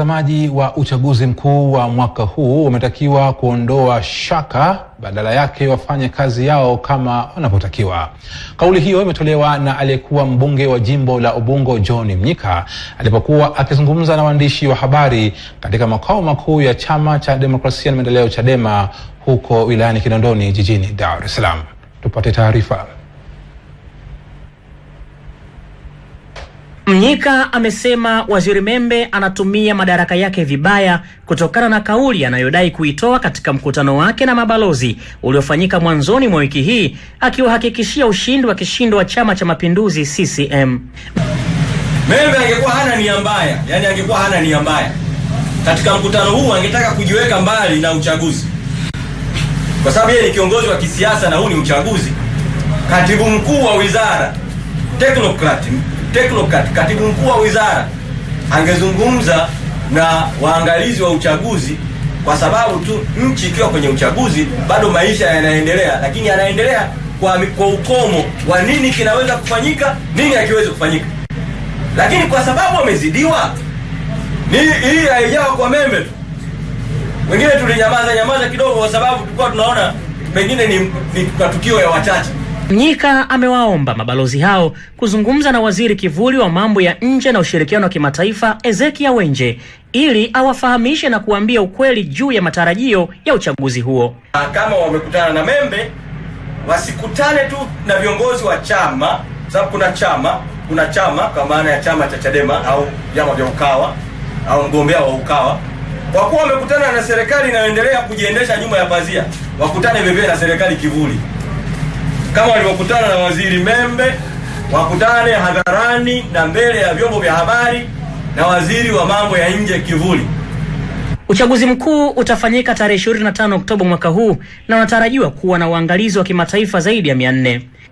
watazamaji wa uchaguzi mkuu wa mwaka huu wametakiwa kuondoa shaka, badala yake wafanye kazi yao kama wanavyotakiwa. Kauli hiyo imetolewa na aliyekuwa mbunge wa jimbo la Ubungo John Mnyika alipokuwa akizungumza na waandishi wa habari katika makao makuu ya chama cha demokrasia na maendeleo CHADEMA huko wilayani Kinondoni jijini Dar es Salaam. Tupate taarifa. Mnyika amesema Waziri Membe anatumia madaraka yake vibaya kutokana na kauli anayodai kuitoa katika mkutano wake na mabalozi uliofanyika mwanzoni mwa wiki hii akiwahakikishia ushindi wa kishindo wa Chama cha Mapinduzi CCM. Membe angekuwa hana nia mbaya, yani angekuwa hana nia mbaya katika mkutano huu, angetaka kujiweka mbali na uchaguzi, kwa sababu yeye ni kiongozi wa kisiasa na huu ni uchaguzi. Katibu mkuu wa wizara teknokrati technocrat, katibu mkuu wa wizara angezungumza na waangalizi wa uchaguzi, kwa sababu tu nchi ikiwa kwenye uchaguzi bado maisha yanaendelea, lakini yanaendelea kwa, kwa ukomo wa nini kinaweza kufanyika, nini hakiwezi kufanyika. Lakini kwa sababu wamezidiwa, hii haijawa kwa meme tu. Wengine tulinyamaza nyamaza kidogo, kwa sababu tulikuwa tunaona pengine ni, ni matukio ya wachache Mnyika amewaomba mabalozi hao kuzungumza na waziri kivuli wa mambo ya nje na ushirikiano wa kimataifa Ezekia Wenje ili awafahamishe na kuambia ukweli juu ya matarajio ya uchaguzi huo. Kama wamekutana na Membe, wasikutane tu na viongozi wa chama, sababu kuna chama, kuna chama kwa maana ya chama cha Chadema au vyama vya Ukawa au mgombea wa Ukawa kwa kuwa wamekutana na serikali inayoendelea kujiendesha nyuma ya pazia, wakutane vivyo na serikali kivuli kama walivyokutana na waziri Membe wakutane hadharani na mbele ya vyombo vya habari na waziri wa mambo ya nje Kivuli. Uchaguzi mkuu utafanyika tarehe 25 Oktoba mwaka huu na unatarajiwa kuwa na uangalizi wa kimataifa zaidi ya 400.